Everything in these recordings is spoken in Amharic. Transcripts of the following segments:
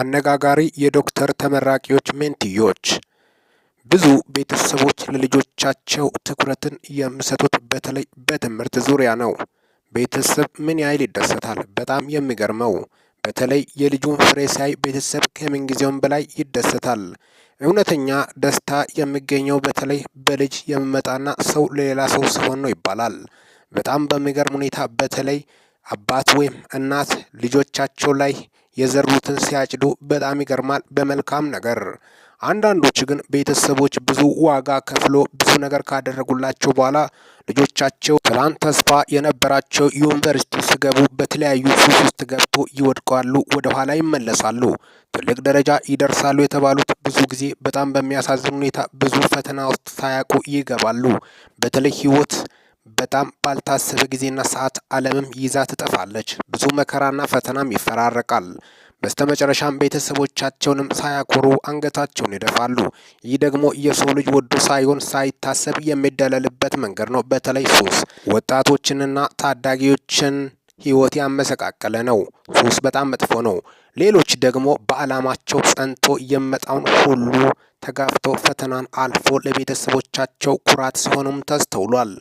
አነጋጋሪ የዶክተር ተመራቂዎች ሜንትዮች ብዙ ቤተሰቦች ለልጆቻቸው ትኩረትን የሚሰጡት በተለይ በትምህርት ዙሪያ ነው። ቤተሰብ ምን ያህል ይደሰታል? በጣም የሚገርመው በተለይ የልጁን ፍሬ ሲያይ ቤተሰብ ከምንጊዜውም በላይ ይደሰታል። እውነተኛ ደስታ የሚገኘው በተለይ በልጅ የሚመጣና ሰው ለሌላ ሰው ሲሆን ነው ይባላል። በጣም በሚገርም ሁኔታ በተለይ አባት ወይም እናት ልጆቻቸው ላይ የዘሩትን ሲያጭዱ በጣም ይገርማል በመልካም ነገር። አንዳንዶች ግን ቤተሰቦች ብዙ ዋጋ ከፍሎ ብዙ ነገር ካደረጉላቸው በኋላ ልጆቻቸው ትላንት ተስፋ የነበራቸው ዩኒቨርሲቲ ሲገቡ በተለያዩ ሱስ ውስጥ ገብቶ ይወድቃሉ፣ ወደ ኋላ ይመለሳሉ። ትልቅ ደረጃ ይደርሳሉ የተባሉት ብዙ ጊዜ በጣም በሚያሳዝን ሁኔታ ብዙ ፈተና ውስጥ ሳያውቁ ይገባሉ። በተለይ ህይወት በጣም ባልታሰበ ጊዜና ሰዓት ዓለምም ይዛ ትጠፋለች። ብዙ መከራና ፈተናም ይፈራረቃል። በስተመጨረሻም ቤተሰቦቻቸውንም ሳያኮሩ አንገታቸውን ይደፋሉ። ይህ ደግሞ የሰው ልጅ ወዶ ሳይሆን ሳይታሰብ የሚደለልበት መንገድ ነው። በተለይ ሱስ ወጣቶችንና ታዳጊዎችን ህይወት ያመሰቃቀለ ነው። ሱስ በጣም መጥፎ ነው። ሌሎች ደግሞ በዓላማቸው ጸንቶ የመጣውን ሁሉ ተጋፍቶ ፈተናን አልፎ ለቤተሰቦቻቸው ኩራት ሲሆኑም ተስተውሏል።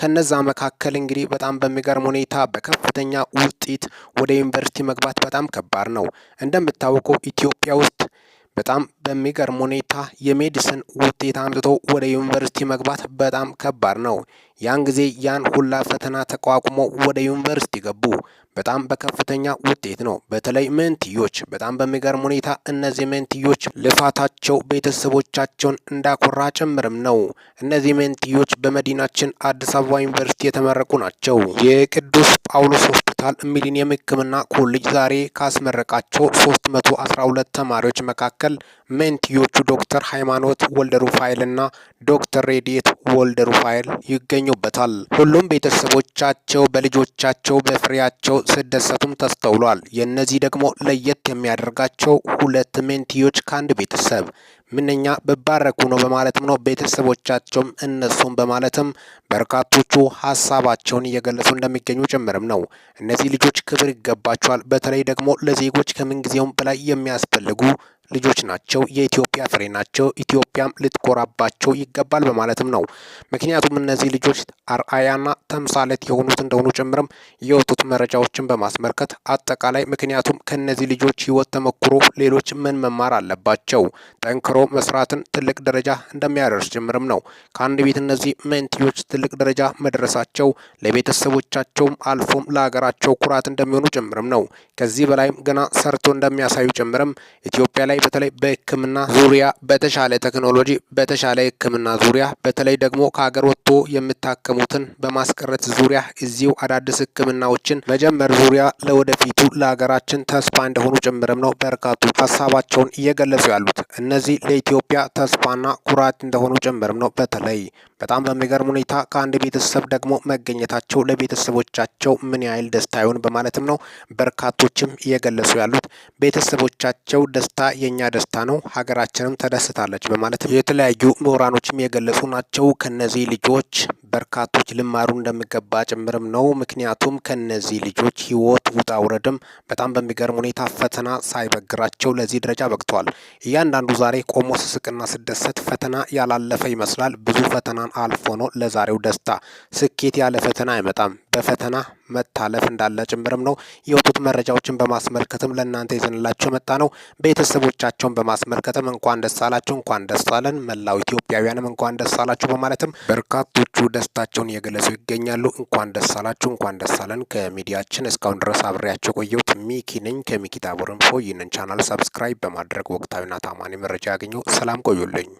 ከነዛ መካከል እንግዲህ በጣም በሚገርም ሁኔታ በከፍተኛ ውጤት ወደ ዩኒቨርሲቲ መግባት በጣም ከባድ ነው። እንደምታወቀው ኢትዮጵያ ውስጥ በጣም በሚገርም ሁኔታ የሜዲሲን ውጤት አምጥቶ ወደ ዩኒቨርሲቲ መግባት በጣም ከባድ ነው። ያን ጊዜ ያን ሁላ ፈተና ተቋቁሞ ወደ ዩኒቨርሲቲ ገቡ። በጣም በከፍተኛ ውጤት ነው። በተለይ መንትዮች በጣም በሚገርም ሁኔታ እነዚህ መንትዮች ልፋታቸው ቤተሰቦቻቸውን እንዳኮራ ጭምርም ነው። እነዚህ መንትዮች በመዲናችን አዲስ አበባ ዩኒቨርሲቲ የተመረቁ ናቸው። የቅዱስ ጳውሎስ ሆስፒታል ሚሊኒየም ሕክምና ኮሌጅ ዛሬ ካስመረቃቸው 312 ተማሪዎች መካከል መካከል ሜንትዮቹ ዶክተር ሃይማኖት ወልደሩፋኤልና ዶክተር ሬዲት ፋይል ይገኙበታል። ሁሉም ቤተሰቦቻቸው በልጆቻቸው በፍሬያቸው ስደሰቱም ተስተውሏል። የእነዚህ ደግሞ ለየት የሚያደርጋቸው ሁለት ሜንትዮች ከአንድ ቤተሰብ ምንኛ በባረኩ ነው በማለትም ነው ቤተሰቦቻቸውም እነሱም በማለትም በርካቶቹ ሀሳባቸውን እየገለጹ እንደሚገኙ ጭምርም ነው። እነዚህ ልጆች ክብር ይገባቸዋል። በተለይ ደግሞ ለዜጎች ከምንጊዜውም በላይ የሚያስፈልጉ ልጆች ናቸው። የኢትዮጵያ ፍሬ ናቸው። ኢትዮጵያም ልትኮራባቸው ይገባል በማለትም ነው። ምክንያቱም እነዚህ ልጆች አርአያና ተምሳሌት የሆኑት እንደሆኑ ጭምርም የወጡት መረጃዎችን በማስመልከት አጠቃላይ ምክንያቱም ከእነዚህ ልጆች ህይወት ተሞክሮ ሌሎች ምን መማር አለባቸው፣ ጠንክሮ መስራትን ትልቅ ደረጃ እንደሚያደርስ ጭምርም ነው። ከአንድ ቤት እነዚህ መንትዮች ትልቅ ደረጃ መድረሳቸው ለቤተሰቦቻቸውም አልፎም ለሀገራቸው ኩራት እንደሚሆኑ ጭምርም ነው። ከዚህ በላይም ገና ሰርቶ እንደሚያሳዩ ጭምርም ኢትዮጵያ ላይ በተለይ በሕክምና ዙሪያ በተሻለ ቴክኖሎጂ በተሻለ ሕክምና ዙሪያ በተለይ ደግሞ ከሀገር ወጥቶ የምታከሙትን በማስቀረት ዙሪያ እዚሁ አዳዲስ ሕክምናዎችን መጀመር ዙሪያ ለወደፊቱ ለሀገራችን ተስፋ እንደሆኑ ጭምርም ነው በርካቱ ሀሳባቸውን እየገለጹ ያሉት እነዚህ የኢትዮጵያ ተስፋና ኩራት እንደሆኑ ጭምርም ነው። በተለይ በጣም በሚገርም ሁኔታ ከአንድ ቤተሰብ ደግሞ መገኘታቸው ለቤተሰቦቻቸው ምን ያህል ደስታ ይሆን በማለትም ነው በርካቶችም እየገለጹ ያሉት። ቤተሰቦቻቸው ደስታ የእኛ ደስታ ነው፣ ሀገራችንም ተደስታለች በማለትም የተለያዩ ምሁራኖችም የገለጹ ናቸው። ከነዚህ ልጆች በርካቶች ልማሩ እንደሚገባ ጭምርም ነው። ምክንያቱም ከነዚህ ልጆች ህይወት ውጣ ውረድም በጣም በሚገርም ሁኔታ ፈተና ሳይበግራቸው ለዚህ ደረጃ በቅተዋል። እያንዳንዱ ዛሬ ቆሞ ስስቅና ስደሰት ፈተና ያላለፈ ይመስላል። ብዙ ፈተና አልፎ ነው ለዛሬው ደስታ። ስኬት ያለ ፈተና አይመጣም፣ በፈተና መታለፍ እንዳለ ጭምርም ነው የወጡት መረጃዎችን በማስመልከትም ለእናንተ ይዘንላቸው የመጣ ነው። ቤተሰቦቻቸውን በማስመልከትም እንኳን ደስ አላችሁ፣ እንኳን ደስ አለን፣ መላው ኢትዮጵያውያንም እንኳን ደስ አላችሁ በማለትም በርካቶቹ ደስታቸውን እየገለጹ ይገኛሉ። እንኳን ደስ አላችሁ፣ እንኳን ደስ አለን። ከሚዲያችን እስካሁን ድረስ አብሬያቸው ቆየሁት። ሚኪ ነኝ ከሚኪ ታቦር ኢንፎ። ይህንን ቻናል ሰብስክራይብ በማድረግ ወቅታዊና ታማኒ መረጃ ያገኘው። ሰላም ቆዩልኝ።